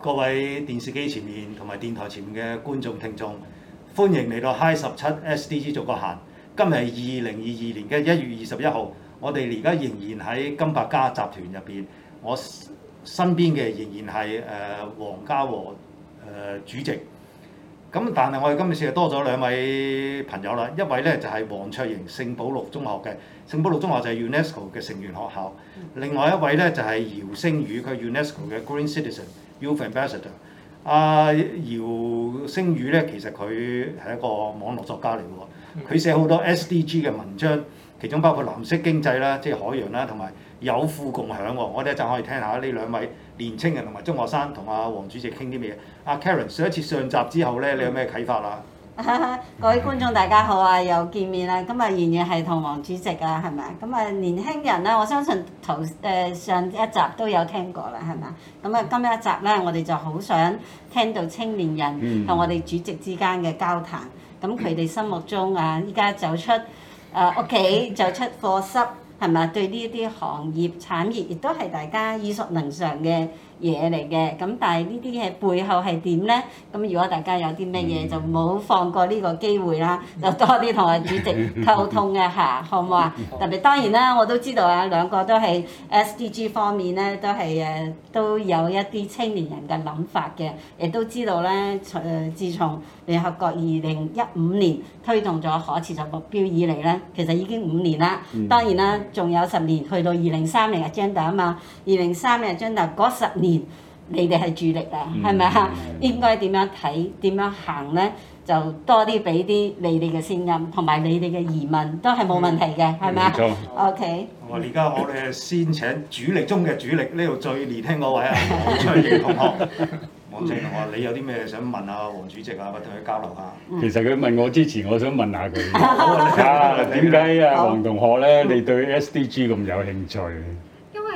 各位電視機前面同埋電台前面嘅觀眾聽眾，歡迎嚟到 Hi 十七 SDG 逐個行。今日係二零二二年嘅一月二十一號，我哋而家仍然喺金百嘉集團入邊，我身邊嘅仍然係誒黃家和誒、呃、主席。咁但係我哋今次多咗兩位朋友啦，一位呢就係、是、黃卓瑩，聖保祿中學嘅聖保祿中學就係 UNESCO 嘅成員學校。另外一位呢就係、是、姚星宇，佢係 UNESCO 嘅 Green Citizen。Youth Ambassador，阿、啊、姚星宇呢，其實佢係一個網絡作家嚟嘅喎，佢寫好多 SDG 嘅文章，其中包括藍色經濟啦，即係海洋啦，同埋有，有富共享、啊、我哋一陣可以聽下呢兩位年青人同埋中學生同阿、啊、黃主席傾啲咩嘢。阿、啊、Karen 上一次上集之後呢，你有咩啟發啊？嗯 各位觀眾，大家好啊！又見面啦！咁啊，仍然係同王主席啊，係咪啊？咁啊，年輕人咧，我相信頭誒上一集都有聽過啦，係咪啊？咁啊，今日一集咧，我哋就好想聽到青年人同我哋主席之間嘅交談，咁佢哋心目中啊，依家走出誒屋企，走出課室，係咪啊？對呢一啲行業產業，亦都係大家耳熟能詳嘅。嘢嚟嘅，咁但係呢啲嘢背後係點咧？咁如果大家有啲咩嘢就唔好放過呢個機會啦，就多啲同阿主席溝通一下， 好唔好啊？特別好當然啦，我都知道啊，兩個都係 SDG 方面咧，都係誒都有一啲青年人嘅諗法嘅，亦都知道咧誒、呃、自從聯合國二零一五年推動咗可持續目標以嚟咧，其實已經五年啦。當然啦，仲有十年去到二零三零嘅 agenda 啊嘛，二零三零嘅 agenda 嗰十。你哋係主力啊，係咪啊？吧應該點樣睇、點樣行咧？就多啲俾啲你哋嘅聲音，同埋你哋嘅疑問都係冇問題嘅，係咪啊？OK、嗯。我而家我哋先請主力中嘅主力呢度最年輕嗰位啊，黃正同學。 黃正同學，你有啲咩想問啊？黃主席啊，同佢交流下。其實佢問我之前，我想問下佢。 啊，點解啊？黃同學咧，你對 SDG 咁有興趣？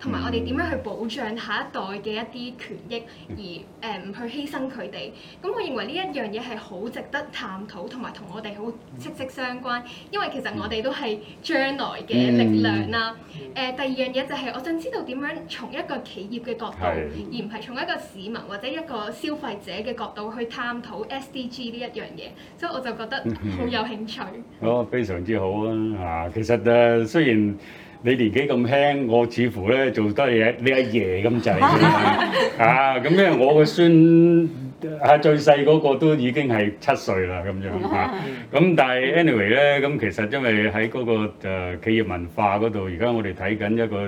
同埋我哋點樣去保障下一代嘅一啲權益，而誒唔、呃、去犧牲佢哋。咁我認為呢一樣嘢係好值得探討，同埋同我哋好息息相關。因為其實我哋都係將來嘅力量啦。誒、嗯啊，第二樣嘢就係我想知道點樣從一個企業嘅角度，的而唔係從一個市民或者一個消費者嘅角度去探討 SDG 呢一樣嘢。所以我就覺得好有興趣。 好，非常之好啊！嚇、啊，其實誒、啊、雖然。你年紀咁輕，我似乎咧做得嘢，你阿爺咁滯 啊，咁因為我個孫啊最細嗰個都已經係七歲啦，咁樣嚇。咁、啊、但係 anyway 咧，咁其實因為喺嗰、嗰個、呃、企業文化嗰度，而家我哋睇緊一個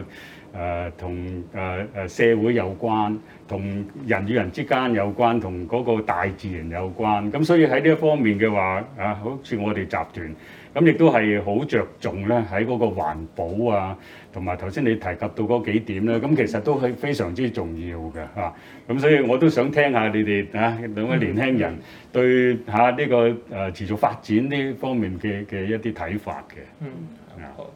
誒同誒誒社會有關，同人與人之間有關，同嗰個大自然有關。咁所以喺呢一方面嘅話，啊，好似我哋集團。咁亦都係好着重咧喺嗰個環保啊，同埋頭先你提及到嗰幾點咧，咁其實都係非常之重要嘅吓。咁、啊、所以我都想聽下你哋吓兩位年輕人對吓呢、啊這個誒、呃、持續發展呢方面嘅嘅一啲睇法嘅。嗯，啊、好。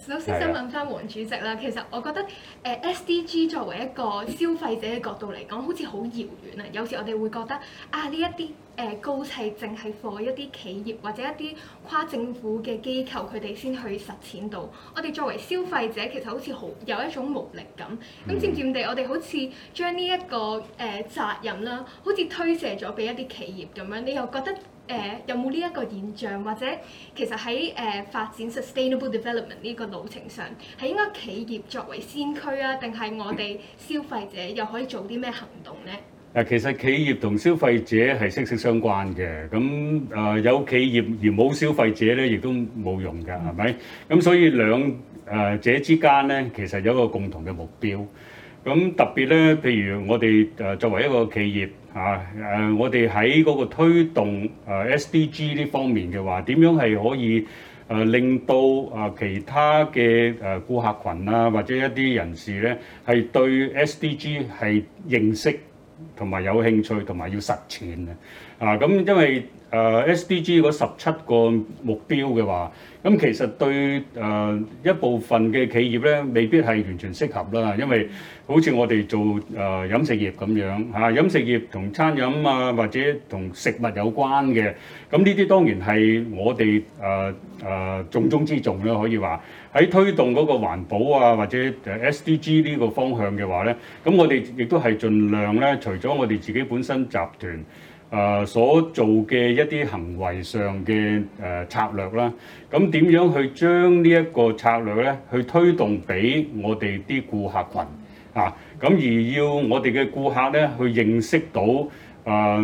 首先想問翻黃主席啦，其實我覺得誒 SDG 作為一個消費者嘅角度嚟講，好似好遙遠啊！有時我哋會覺得啊，呢、呃、一啲誒高砌淨係貨一啲企業或者一啲跨政府嘅機構佢哋先去實踐到。我哋作為消費者其實好似好有一種無力感。咁、mm hmm. 啊、漸漸地我、這個，我哋好似將呢一個誒責任啦，好似推卸咗俾一啲企業咁樣，你又覺得？誒有冇呢一個現象，或者其實喺誒發展 sustainable development 呢個路程上，係應該企業作為先驅啊，定係我哋消費者又可以做啲咩行動咧？嗱，其實企業同消費者係息息相關嘅，咁誒有企業而冇消費者咧，亦都冇用嘅，係咪？咁所以兩誒者之間咧，其實有一個共同嘅目標。咁特別咧，譬如我哋誒作為一個企業。啊！誒，我哋喺嗰個推動誒、呃、SDG 呢方面嘅話，點樣係可以誒、呃、令到誒、呃、其他嘅誒顧客群啊，或者一啲人士咧係對 SDG 係認識同埋有，有興趣，同埋要實踐嘅啊！咁、嗯、因為誒、呃、SDG 嗰十七個目標嘅話。咁其實對誒、呃、一部分嘅企業咧，未必係完全適合啦，因為好似我哋做誒飲食業咁樣嚇，飲食業同、啊、餐飲啊或者同食物有關嘅，咁呢啲當然係我哋誒誒重中之重啦，可以話喺推動嗰個環保啊或者 SDG 呢個方向嘅話咧，咁、啊、我哋亦都係盡量咧，除咗我哋自己本身集團。誒、呃、所做嘅一啲行為上嘅誒、呃、策略啦，咁點樣，樣去將呢一個策略咧去推動俾我哋啲顧客群啊？咁而要我哋嘅顧客咧去認識到誒誒、啊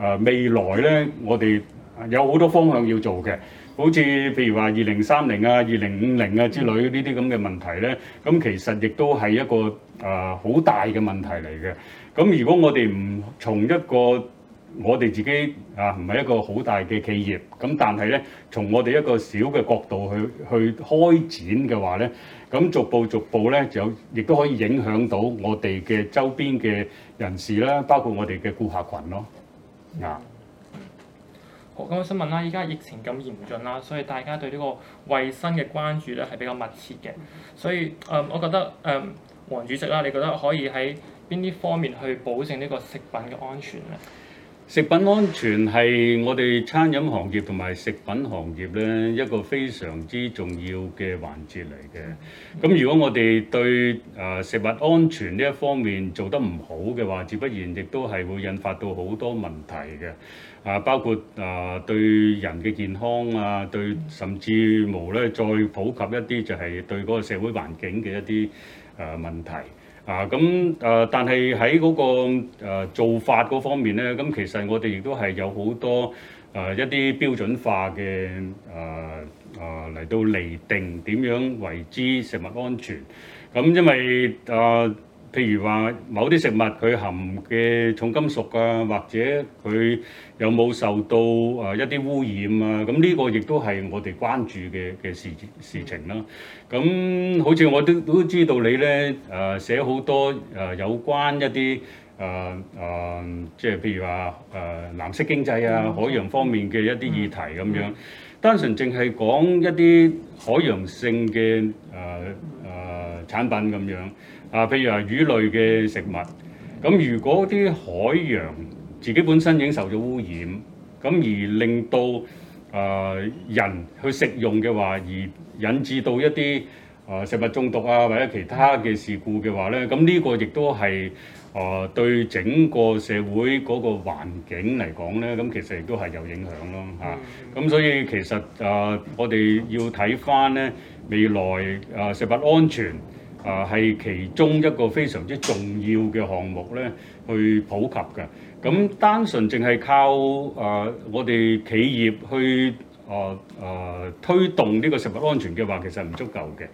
啊、未來咧，我哋有好多方向要做嘅，好似譬如話二零三零啊、二零五零啊之類呢啲咁嘅問題咧，咁、啊、其實亦都係一個誒好、啊、大嘅問題嚟嘅。咁、啊、如果我哋唔從一個。我哋自己啊，唔係一個好大嘅企業咁，但係呢，從我哋一個小嘅角度去去開展嘅話呢，咁逐步逐步呢，就亦都可以影響到我哋嘅周邊嘅人士啦，包括我哋嘅顧客群咯。啊、嗯嗯，好，咁，我想問啦，依家疫情咁嚴峻啦，所以大家對呢個衞生嘅關注呢係比較密切嘅，所以誒、呃，我覺得誒、呃，黃主席啦，你覺得可以喺邊啲方面去保證呢個食品嘅安全呢？食品安全係我哋餐飲行業同埋食品行業咧一個非常之重要嘅環節嚟嘅。咁如果我哋對誒食物安全呢一方面做得唔好嘅話，自不然亦都係會引發到好多問題嘅。啊，包括啊對人嘅健康啊，對甚至無咧再普及一啲，就係對個社會環境嘅一啲誒問題。啊，咁誒、那個，但係喺嗰個做法嗰方面咧，咁、啊、其實我哋亦都係有好多誒、啊、一啲標準化嘅誒誒嚟到釐定點樣為之食物安全。咁、啊、因為誒。啊。譬如話某啲食物佢含嘅重金屬啊，或者佢有冇受到啊一啲污染啊，咁呢個亦都係我哋關注嘅嘅事事情啦、啊。咁好似我都都知道你咧，誒、呃、寫好多誒、呃、有關一啲誒誒，即係譬如話誒、呃、藍色經濟啊、海洋方面嘅一啲議題咁樣。單純淨係講一啲海洋性嘅誒誒產品咁樣。啊，譬如話魚類嘅食物，咁如果啲海洋自己本身已經受咗污染，咁而令到啊、呃、人去食用嘅話，而引致到一啲啊、呃、食物中毒啊或者其他嘅事故嘅話咧，咁呢個亦都係啊對整個社會嗰個環境嚟講咧，咁其實亦都係有影響咯嚇。咁、啊、所以其實啊、呃，我哋要睇翻咧未來啊、呃、食物安全。啊，係其中一個非常之重要嘅項目咧，去普及嘅。咁單純淨係靠啊、呃，我哋企業去啊啊、呃呃、推動呢個食物安全嘅話，其實唔足夠嘅。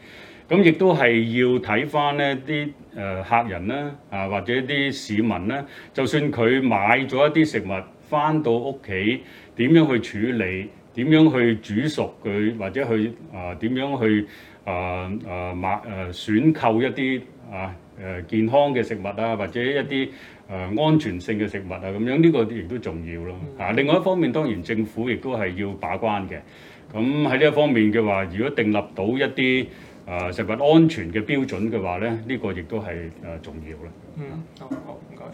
咁亦都係要睇翻咧啲誒客人啦，啊、呃、或者啲市民咧，就算佢買咗一啲食物翻到屋企，點樣去處理，點樣去煮熟佢，或者去啊呃、點樣去。誒誒買誒選購一啲啊誒、啊、健康嘅食物啦、啊，或者一啲誒、啊、安全性嘅食物啊，咁樣呢、這個亦都重要咯。嚇、啊，另外一方面當然政府亦都係要把關嘅。咁喺呢一方面嘅話，如果訂立到一啲誒、啊、食物安全嘅標準嘅話咧，呢、這個亦都係誒重要啦。嗯，好，好，唔該。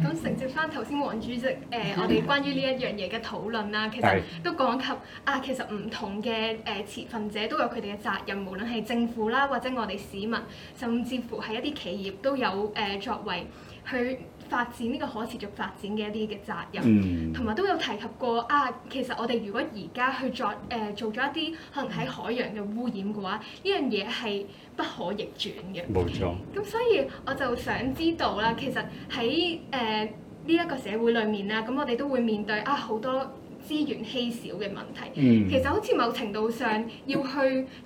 咁承接翻頭先黃主席誒，呃、 我哋關於呢一樣嘢嘅討論啦，其實都講及啊，其實唔同嘅誒持份者都有佢哋嘅責任，無論係政府啦，或者我哋市民，甚至乎係一啲企業都有誒、呃、作為去。發展呢個可持續發展嘅一啲嘅責任，同埋、嗯、都有提及過啊。其實我哋如果而家去作誒做咗、呃、一啲可能喺海洋嘅污染嘅話，呢樣嘢係不可逆轉嘅。冇錯。咁所以我就想知道啦，其實喺誒呢一個社會裏面啦，咁我哋都會面對啊好多資源稀少嘅問題，嗯、其實好似某程度上要去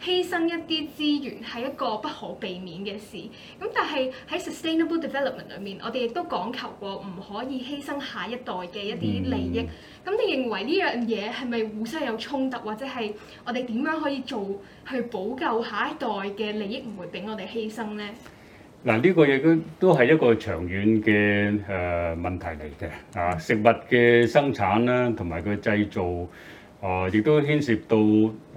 犧牲一啲資源係一個不可避免嘅事。咁但係喺 sustainable development 裏面，我哋亦都講求過唔可以犧牲下一代嘅一啲利益。咁、嗯、你認為呢樣嘢係咪互相有衝突，或者係我哋點樣可以做去補救下一代嘅利益唔會俾我哋犧牲呢？嗱，呢個亦都都係一個長遠嘅誒問題嚟嘅啊！食物嘅生產啦，同埋佢製造啊，亦、呃、都牽涉到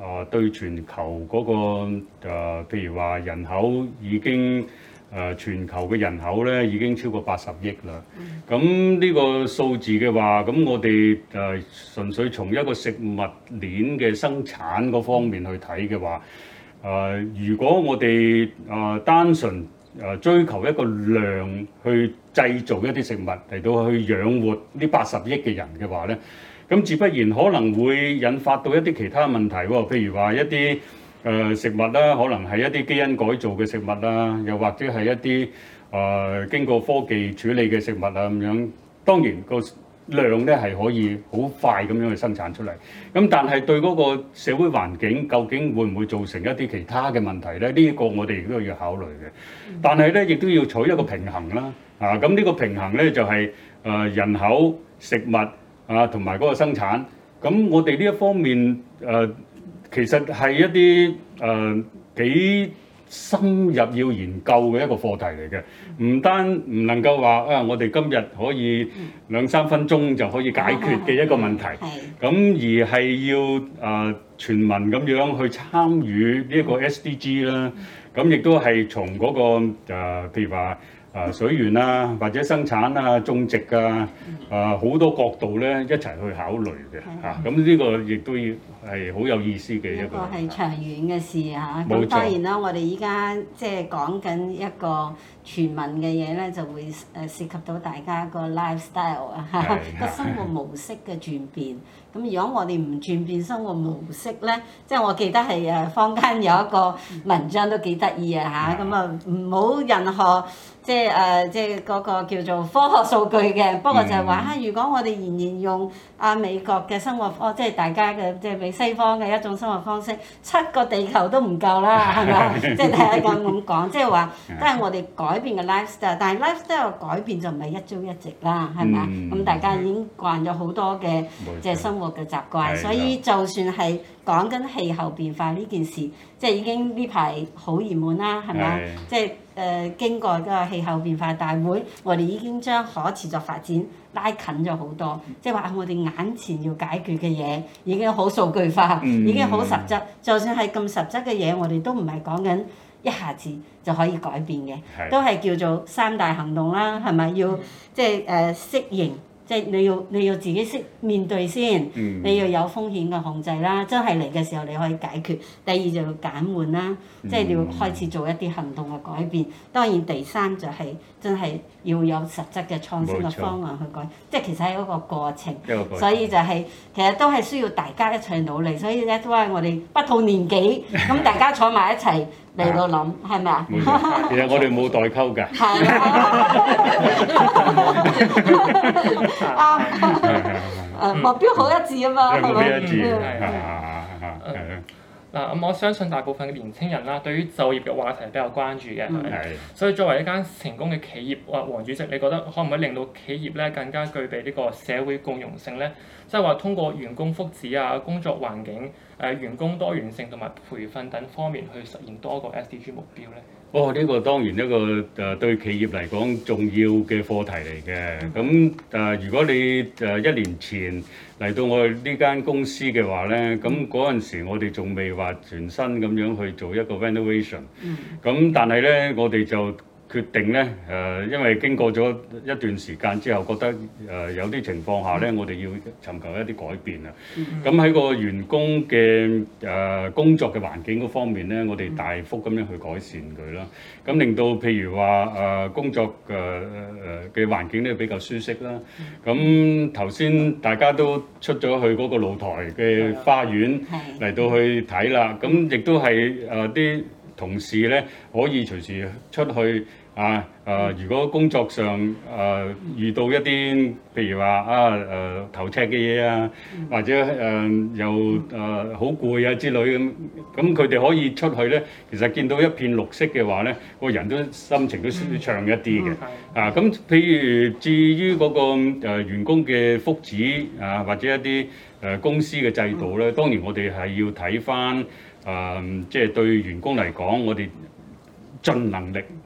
啊、呃、對全球嗰、那個譬、呃、如話人口已經誒、呃、全球嘅人口咧已經超過八十億啦。咁呢、嗯、個數字嘅話，咁我哋誒純粹從一個食物鏈嘅生產嗰方面去睇嘅話，誒、呃、如果我哋誒、呃、單純誒追求一個量去製造一啲食物嚟到去養活呢八十億嘅人嘅話呢，咁自不然可能會引發到一啲其他問題喎，譬如話一啲誒食物啦，可能係一啲基因改造嘅食物啦，又或者係一啲誒、呃、經過科技處理嘅食物啊咁樣。當然個量咧係可以好快咁樣去生產出嚟，咁但係對嗰個社會環境究竟會唔會造成一啲其他嘅問題咧？呢、這、一個我哋亦都要考慮嘅，但係咧亦都要取一個平衡啦。啊，咁呢個平衡咧就係、是、誒、呃、人口、食物啊同埋嗰個生產。咁我哋呢一方面誒、呃、其實係一啲誒幾。呃深入要研究嘅一個課題嚟嘅，唔單唔能夠話啊，我哋今日可以兩三分鐘就可以解決嘅一個問題，咁 而係要誒全民咁樣去參與呢個 SDG 啦，咁亦都係從嗰個啊、呃，譬如話。啊、水源啊，或者生產啊、種植啊，誒、啊、好多角度咧一齊去考慮嘅嚇。咁呢、嗯啊、個亦都要係好有意思嘅一個係長遠嘅事嚇、啊。咁錯當然啦，我哋依家即係講緊一個全民嘅嘢咧就會誒涉及到大家個 lifestyle 啊，個 生活模式嘅轉變，咁如果我哋唔轉變生活模式咧，即係我記得係誒坊間有一個文章都幾得意啊，吓，咁啊，唔好任何即係誒、呃、即係、嗰個叫做科學數據嘅，不過就係話啊，如果我哋仍然用啊美國嘅生活哦，即係大家嘅即係美西方嘅一種生活方式，七個地球都唔夠啦，係咪啊？即係大家咁講即係話都係我哋改。變嘅 lifestyle，但係 lifestyle 改變就唔係一朝一夕啦，係咪啊？咁、嗯嗯、大家已經慣咗好多嘅，即係錯生活嘅習慣，的所以就算係講緊氣候變化呢件事，即、就、係、是、已經呢排好熱門啦，係咪啊？即係誒經過個氣候變化大會，我哋已經將可持續發展拉近咗好多，即係話我哋眼前要解決嘅嘢已經好數據化，嗯、已經好實質。就算係咁實質嘅嘢，我哋都唔係講緊。一下子就可以改變嘅，是都係叫做三大行動啦，係咪？要 即係誒適應，即係你要你要自己識面對先，嗯、你要有風險嘅控制啦。真係嚟嘅時候你可以解決。第二就要減緩啦，即係、嗯、要開始做一啲行動嘅改變。當然第三就係真係要有實質嘅創新嘅方案去改，錯即係其實係一個過程。一個過程所以就係、是、其實都係需要大家一齊努力，所以咧都係我哋不同年紀，咁大家坐埋一齊。 你都諗係咪啊？其實我哋冇代溝㗎。係 啊，啊，啊！目標好一致啊嘛，嗯、吧目標一致，係啊，係啊。嗱咁我相信大部分嘅年輕人啦，對於就業嘅話題係比較關注嘅，係。的所以作為一間成功嘅企業，哇！黃主席，你覺得可唔可以令到企業咧更加具備呢個社會共融性咧？即係話通過員工福祉啊，工作環境。誒員工多元性同埋培訓等方面，去實現多個 SDG 目標咧。哦、呃，呢、呃呃這個當然一個誒、呃、對企業嚟講重要嘅課題嚟嘅。咁、嗯、誒、呃，如果你誒、呃、一年前嚟到我哋呢間公司嘅話咧，咁嗰陣時我哋仲未話全新咁樣去做一個 valuation e。嗯。咁、嗯、但係咧，我哋就。決定咧誒，因為經過咗一段時間之後，覺得誒有啲情況下咧，我哋要尋求一啲改變啊。咁喺個員工嘅誒工作嘅環境嗰方面咧，我哋大幅咁樣去改善佢啦。咁令到譬如話誒工作嘅嘅環境咧比較舒適啦。咁頭先大家都出咗去嗰個露台嘅花園嚟到去睇啦。咁亦都係誒啲同事咧可以隨時出去。啊！誒、呃，如果工作上誒、呃、遇到一啲譬如話啊誒、呃、頭赤嘅嘢啊，或者誒又誒好攰啊之類咁，咁佢哋可以出去咧。其實見到一片綠色嘅話咧，個人都心情都舒暢一啲嘅。嗯、啊，咁譬如至於嗰個誒員工嘅福祉啊，或者一啲誒公司嘅制度咧，當然我哋係要睇翻誒，即、啊、係、即係、對員工嚟講，我哋盡能力。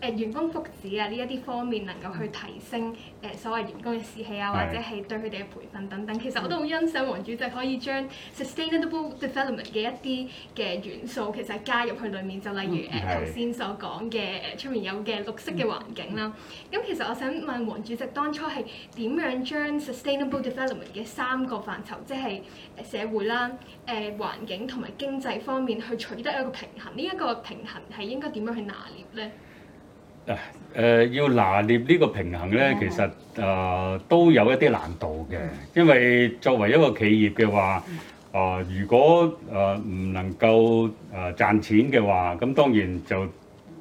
誒、呃、員工福祉啊，呢一啲方面能夠去提升誒、呃、所謂員工嘅士氣啊，或者係對佢哋嘅培訓等等。其實我都好欣賞黃主席可以將 sustainable development 嘅一啲嘅元素其實加入去裡面，就例如誒頭先所講嘅出面有嘅綠色嘅環境啦。咁其實我想問黃主席，當初係點樣將 sustainable development 嘅三個範疇，即係社會啦、誒、呃、環境同埋經濟方面去取得一個平衡？呢、這、一個平衡係應該點樣去拿捏呢？啊、呃、要拿捏呢個平衡呢，其實誒、呃、都有一啲難度嘅，因為作為一個企業嘅話，啊、呃、如果誒唔、呃、能夠誒賺錢嘅話，咁當然就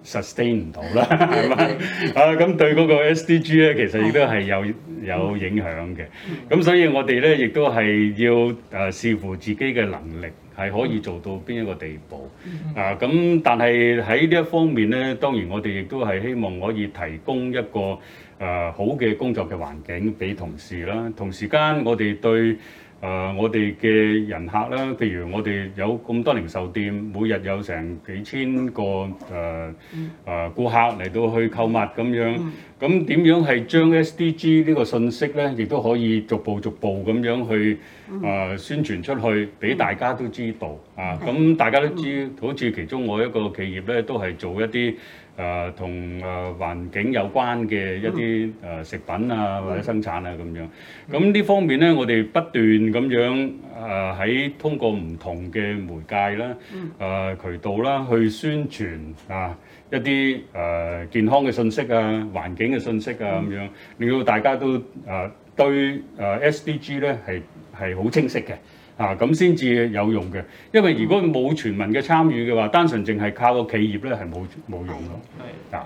sustain 唔到啦，係嘛、 啊？啊咁對嗰個 SDG 呢，其實亦都係有。有影響嘅，咁所以我哋咧亦都係要誒、呃、視乎自己嘅能力，係可以做到邊一個地步啊！咁、呃、但係喺呢一方面咧，當然我哋亦都係希望可以提供一個誒、呃、好嘅工作嘅環境俾同事啦。同時間我哋對誒，uh, 我哋嘅人客啦，譬如我哋有咁多零售店，每日有成幾千個誒誒顧客嚟到去購物咁樣，咁點、嗯、樣係將 SDG 呢個信息咧，亦都可以逐步逐步咁樣去誒、嗯呃、宣傳出去，俾大家都知道、嗯、啊！咁大家都知，嗯、好似其中我一個企業咧，都係做一啲。誒同誒環境有關嘅一啲誒食品啊，或者生產啊咁樣，咁呢方面咧，我哋不斷咁樣誒喺通過唔同嘅媒介啦、誒渠道啦去宣傳啊一啲誒健康嘅信息啊、環境嘅信息啊咁樣，令到大家都誒對誒 SDG 咧係係好清晰嘅。啊，咁先至有用嘅，因為如果冇全民嘅參與嘅話，單純淨係靠個企業咧，係冇冇用咯。係。嗱，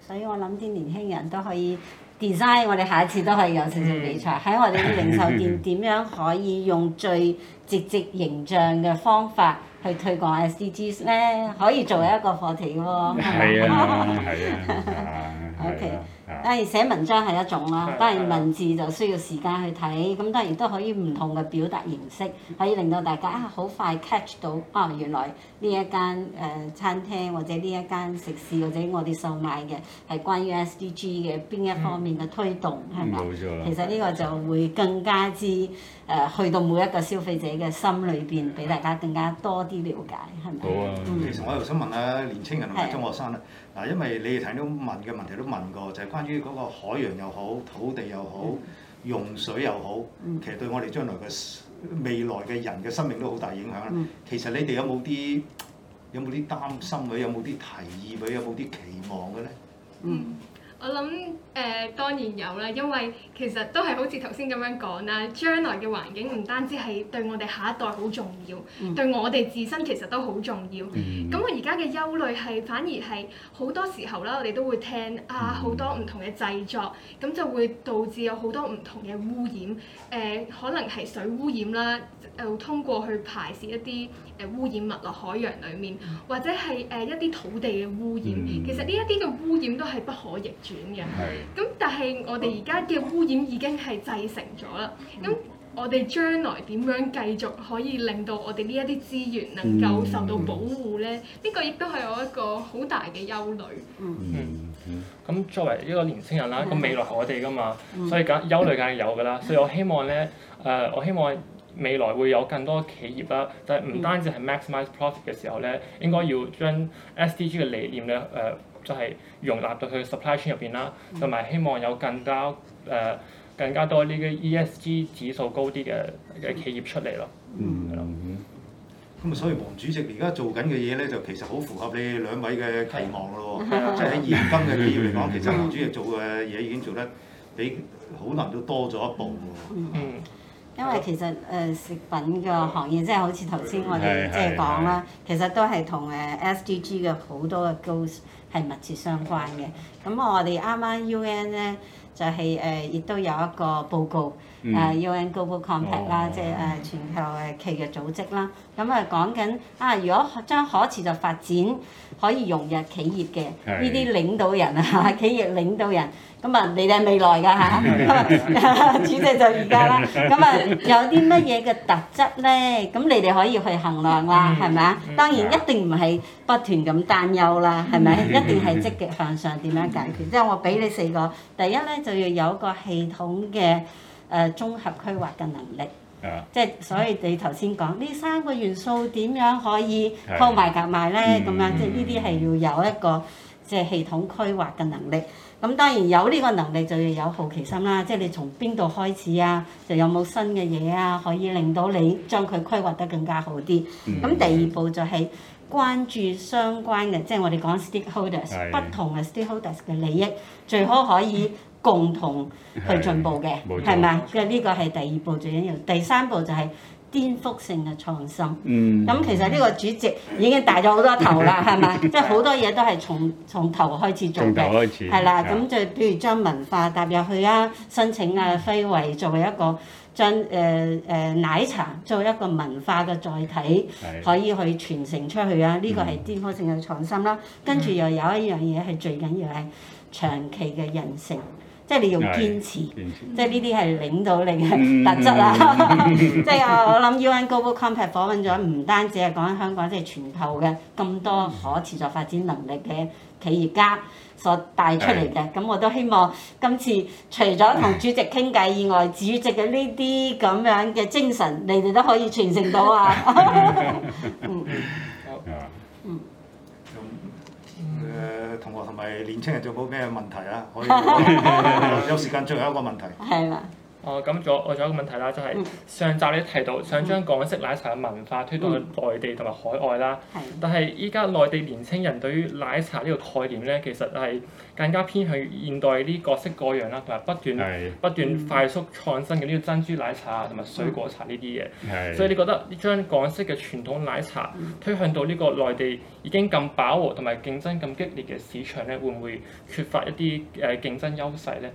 所以我諗啲年輕人都可以 design，我哋下一次都可以有少少比賽，喺我哋啲零售店點樣可以用最直接形象嘅方法去推廣 SDGs 咧，可以做一個課題喎。係啊！係啊！O.K.，當然寫文章係一種啦、啊，當然文字就需要時間去睇，咁當然都可以唔同嘅表達形式，可以令到大家啊好快 catch 到啊、哦、原來呢一間誒、呃、餐廳或者呢一間食肆或者我哋售賣嘅係關於 S.D.G 嘅邊一方面嘅推動，係咪、嗯？吧嗯、冇錯啦、其實呢個就會更加之誒、呃、去到每一個消費者嘅心裏邊，俾大家更加多啲了解，係咪？好啊、嗯，其實我又想問下、啊、年青人同埋中學生啦。嗱，因為你哋睇到問嘅問題都問過，就係、是、關於嗰個海洋又好，土地又好，用、嗯、水又好，其實對我哋將來嘅未來嘅人嘅生命都好大影響啦。嗯、其實你哋有冇啲有冇啲擔心，或者有冇啲提議，或者有冇啲期望嘅咧？嗯。我諗誒、呃、當然有啦，因為其實都係好似頭先咁樣講啦，將來嘅環境唔單止係對我哋下一代好重要，嗯、對我哋自身其實都好重要。咁、嗯、我而家嘅憂慮係反而係好多時候啦，我哋都會聽啊好多唔同嘅製作，咁就會導致有好多唔同嘅污染。誒、呃、可能係水污染啦，就、呃、通過去排泄一啲誒污染物落海洋裡面，或者係誒、呃、一啲土地嘅污染。嗯、其實呢一啲嘅污染都係不可逆轉嘅，咁、嗯、但係我哋而家嘅污染已經係製成咗啦。咁我哋將來點樣繼續可以令到我哋呢一啲資源能夠受到保護咧？呢、呢個亦都係我一個好大嘅憂慮。嗯嗯，咁、嗯嗯、作為一個年青人啦，咁未來係我哋噶嘛，所以梗憂慮梗係有㗎啦。所以我希望咧，誒、呃、我希望未來會有更多企業啦，但係唔單止係 maximize profit 嘅時候咧，應該要將 SDG 嘅理念咧，誒、呃。就係容納到佢嘅 supply chain 入邊啦，同埋希望有更加誒、呃、更加多呢個 ESG 指數高啲嘅嘅企業出嚟咯。嗯、mm，咁、hmm. 啊，所以黃主席而家做緊嘅嘢咧，就其實好符合你兩位嘅期望咯。 即係喺現今嘅企業嚟講、well，ere, 其實黃主席做嘅嘢已經做得比好難都多咗一步喎。嗯，因為其實誒、uh, 食品嘅行業即係、就是、好似頭先我哋即係講啦，其實都係同誒 SDG 嘅好多嘅 goals 係密切相關嘅，咁我哋啱啱 UN 咧就係、是、誒，亦、呃、都有一個報告，誒、嗯 uh, UN Global Compact 啦、哦，即係誒、呃、全球誒企業組織啦，咁啊講緊啊，如果將可持續發展可以融入企業嘅呢啲領導人啊，企業領導人。咁啊，你哋係未來㗎嚇，主席就而家啦。咁啊，有啲乜嘢嘅特質咧？咁你哋可以去衡量啦，係咪啊？當然一定唔係不斷咁擔憂啦，係咪？一定係積極向上點樣解決？即係我俾你四個，第一咧就要有個系統嘅誒綜合規劃嘅能力。啊！即係所以你頭先講呢三個元素點樣可以鋪埋夾埋咧？咁樣即係呢啲係要有一個即係系統規劃嘅能力。咁當然有呢個能力就要有好奇心啦，即係你從邊度開始啊？就有冇新嘅嘢啊，可以令到你將佢規劃得更加好啲。咁、嗯、第二步就係關注相關嘅，嗯、即係我哋講 stakeholders，是不同嘅 stakeholders 嘅利益，最好可以共同去進步嘅，係咪？咁啊呢個係第二步最緊要，第三步就係、是。顛覆性嘅創新，咁、嗯、其實呢個主席已經大咗好多頭啦，係咪？ 即係好多嘢都係從從頭開始做，嘅，從頭開始，係啦。咁是就譬如將文化搭入去啊，申請啊徽徽作為一個將誒誒奶茶做一個文化嘅載體，是可以去傳承出去啊。呢、這個係顛覆性嘅創新啦。跟住又有一樣嘢係最緊要係長期嘅人性。即係你要堅持，持即係呢啲係領導力嘅特質啊！嗯、 即係我諗，UN Global Compact 訪問咗，唔單止係講香港，即、就、係、是、全球嘅咁多可持續發展能力嘅企業家所帶出嚟嘅。咁、嗯、我都希望今次除咗同主席傾偈以外，嗯、主席嘅呢啲咁樣嘅精神，你哋都可以傳承到啊！嗯。嗯 同學同埋年青人做冇咩問題啊？ 可以有時間，最後一個問題。 係嘛。哦，咁仲我仲有一個問題啦，就係、是、上集你提到想將港式奶茶嘅文化推到去內地同埋海外啦，嗯、但係依家內地年青人對於奶茶呢個概念咧，其實係更加偏向現代呢各式各樣啦，同埋不斷是不斷快速創新嘅呢個珍珠奶茶啊，同埋水果茶呢啲嘢。是所以你覺得將港式嘅傳統奶茶推向到呢個內地已經咁飽和同埋競爭咁激烈嘅市場咧，會唔會缺乏一啲誒、呃、競爭優勢咧？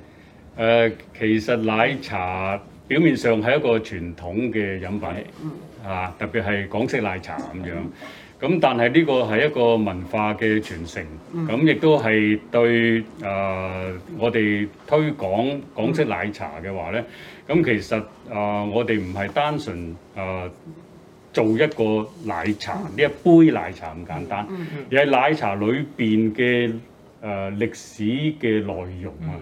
誒，其實奶茶表面上係一個傳統嘅飲品，啊，特別係港式奶茶咁樣。咁但係呢個係一個文化嘅傳承，咁亦都係對誒我哋推廣港式奶茶嘅話呢，咁其實誒我哋唔係單純誒做一個奶茶呢一杯奶茶咁簡單，而係奶茶裏邊嘅。誒、呃、歷史嘅內容啊，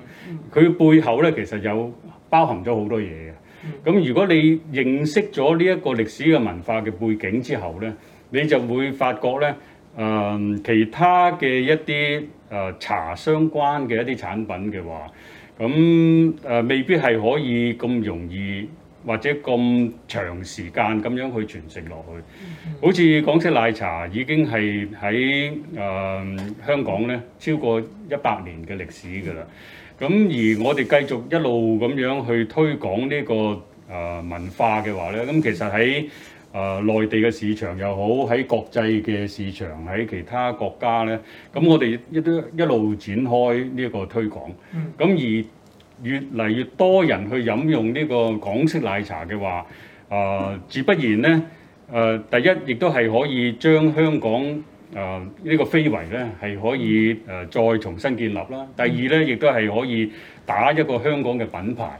佢、嗯嗯、背後咧其實有包含咗好多嘢嘅。咁、嗯嗯、如果你認識咗呢一個歷史嘅文化嘅背景之後咧，你就會發覺咧，誒、呃、其他嘅一啲誒茶相關嘅一啲產品嘅話，咁誒、呃、未必係可以咁容易。或者咁長時間咁樣去傳承落去，好似港式奶茶已經係喺誒香港咧超過一百年嘅歷史㗎啦。咁、嗯、而我哋繼續一路咁樣去推廣呢、這個誒、呃、文化嘅話咧，咁、嗯、其實喺誒內地嘅市場又好，喺國際嘅市場喺其他國家咧，咁、嗯、我哋亦都一路展開呢個推廣，咁、嗯嗯嗯、而。越嚟越多人去飲用呢個港式奶茶嘅話，啊、呃，自不然呢，誒、呃，第一亦都係可以將香港誒、呃這個、呢個非遺呢係可以誒、呃、再重新建立啦。第二呢，亦都係可以打一個香港嘅品牌。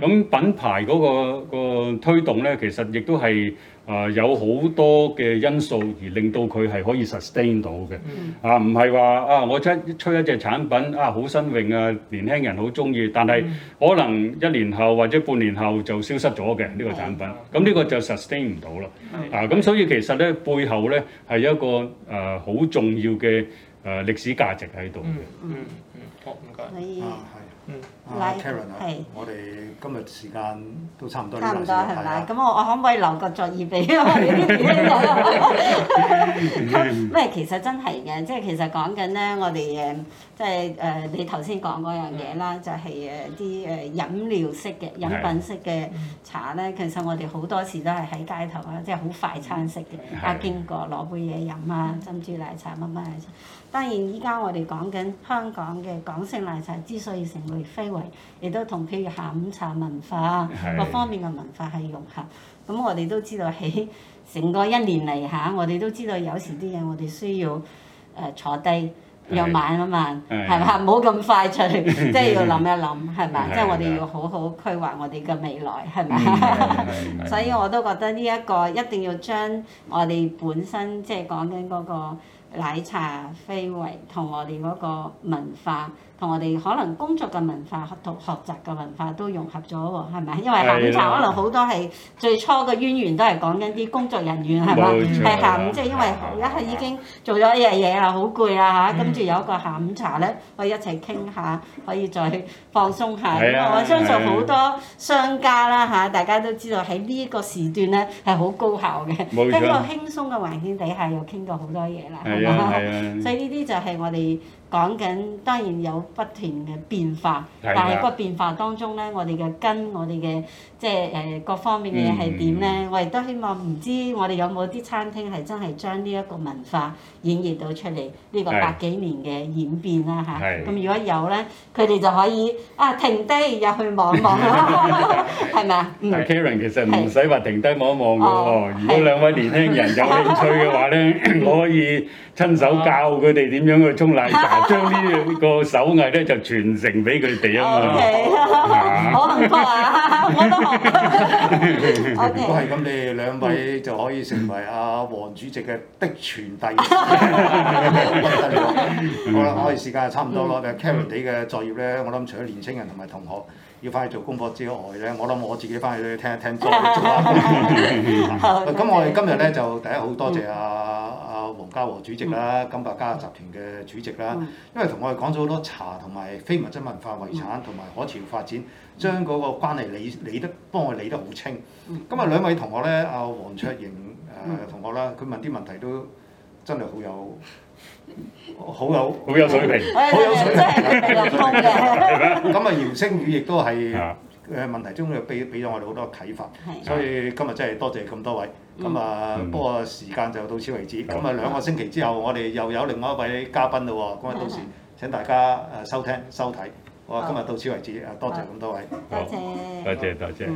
咁品牌嗰、那個那個推動呢，其實亦都係。啊、呃，有好多嘅因素而令到佢係可以 sustain 到嘅啊，唔係話啊，我出出一隻產品啊，好新穎啊，年輕人好中意，但係可能一年後或者半年後就消失咗嘅呢個產品，咁呢、嗯、個就 sustain 唔到啦。嗯、啊，咁所以其實呢，背後呢係一個誒好、呃、重要嘅誒歷史價值喺度嘅。嗯嗯，嗯好唔該。可以。啊係，嚟，我哋今日時間都差唔多，多，差唔多係咪？咁吧我我可唔可以留個作業俾？唔咩？其實真係嘅，即係其實講緊咧，我哋誒，即係誒、呃，你頭先講嗰樣嘢啦，mm hmm. 就係誒啲誒飲料式嘅飲品式嘅茶咧。Mm hmm. 其實我哋好多時都係喺街頭啊，即係好快餐式嘅，啊、mm hmm. 經過攞杯嘢飲啊，珍，珍珠奶茶乜乜。當然，依家我哋講緊香港嘅港式奶茶之所以成為非遺，亦都同譬如下午茶文化的各方面嘅文化係融合。咁、嗯、我哋都知道喺成個一年嚟嚇、啊，我哋都知道有時啲嘢我哋需要、呃、坐低又慢一慢，係嘛？冇咁快脆，即、就、係、是、要諗一諗，係嘛？即係 的我哋要好好規劃我哋嘅未來，係嘛？的 所以我都覺得呢一個一定要將我哋本身即係講緊嗰個。奶茶氛圍同我哋嗰個文化。同我哋可能工作嘅文化同學習嘅文化都融合咗喎，係咪？因為下午茶可能好多係最初嘅淵源都係講緊啲工作人員，係嘛？係、冇錯、下午即係因為而家係已經做咗一日嘢啦，好攰啦吓，跟住有一個下午茶咧，可以一齊傾下，可以再放鬆下。嗯、我相信好多商家啦吓，大家都知道喺呢個時段咧係好高效嘅，冇錯、喺一個輕鬆嘅環境底下又傾到好多嘢啦，係嘛？所以呢啲就係我哋。講緊當然有不斷嘅變化，但係個變化當中咧，我哋嘅根，我哋嘅即係誒各方面嘅嘢係點咧？嗯、我亦都希望唔知我哋有冇啲餐廳係真係將呢一個文化演繹到出嚟呢、呢個百幾年嘅演變啦嚇。咁、啊、如果有咧，佢哋就可以啊停低入去望望，係咪啊？Karen 其實唔使話停低望一望嘅喎。哦、如果兩位年輕人有興趣嘅話咧，哦、我可以親手教佢哋點樣去沖奶茶。將呢個手藝咧就傳承俾佢哋啊嘛，我唔學啊，我都學。好嘅，咁你哋兩位就可以成為阿黃主席嘅的傳弟子好啦，我哋時間就差唔多啦。咁啊 c a r d y 你嘅作業咧，我諗除咗年青人同埋同學要翻去做功課之外咧，我諗我自己翻去聽一聽，做一做。咁我哋今日咧就第一好多謝阿。黃家和主席啦，金百加集團嘅主席啦，因為同我哋講咗好多茶同埋非物質文化遺產同埋可持續發展，將嗰個關係理理得幫我理得好清。咁啊，兩位同學咧，阿黃卓瑩誒、呃、同學啦，佢問啲問題都真係好有好有 好有水平，好有水平。咁 啊，姚星宇亦都係。誒問題終於俾俾咗我哋好多啟發，所以今日真係多謝咁多位。咁啊，不過時間就到此為止。咁啊，兩個星期之後我哋又有另外一位嘉賓喇喎，咁啊到時請大家誒收聽收睇。我今日到此為止，誒多謝咁多位。多謝，多謝，多謝。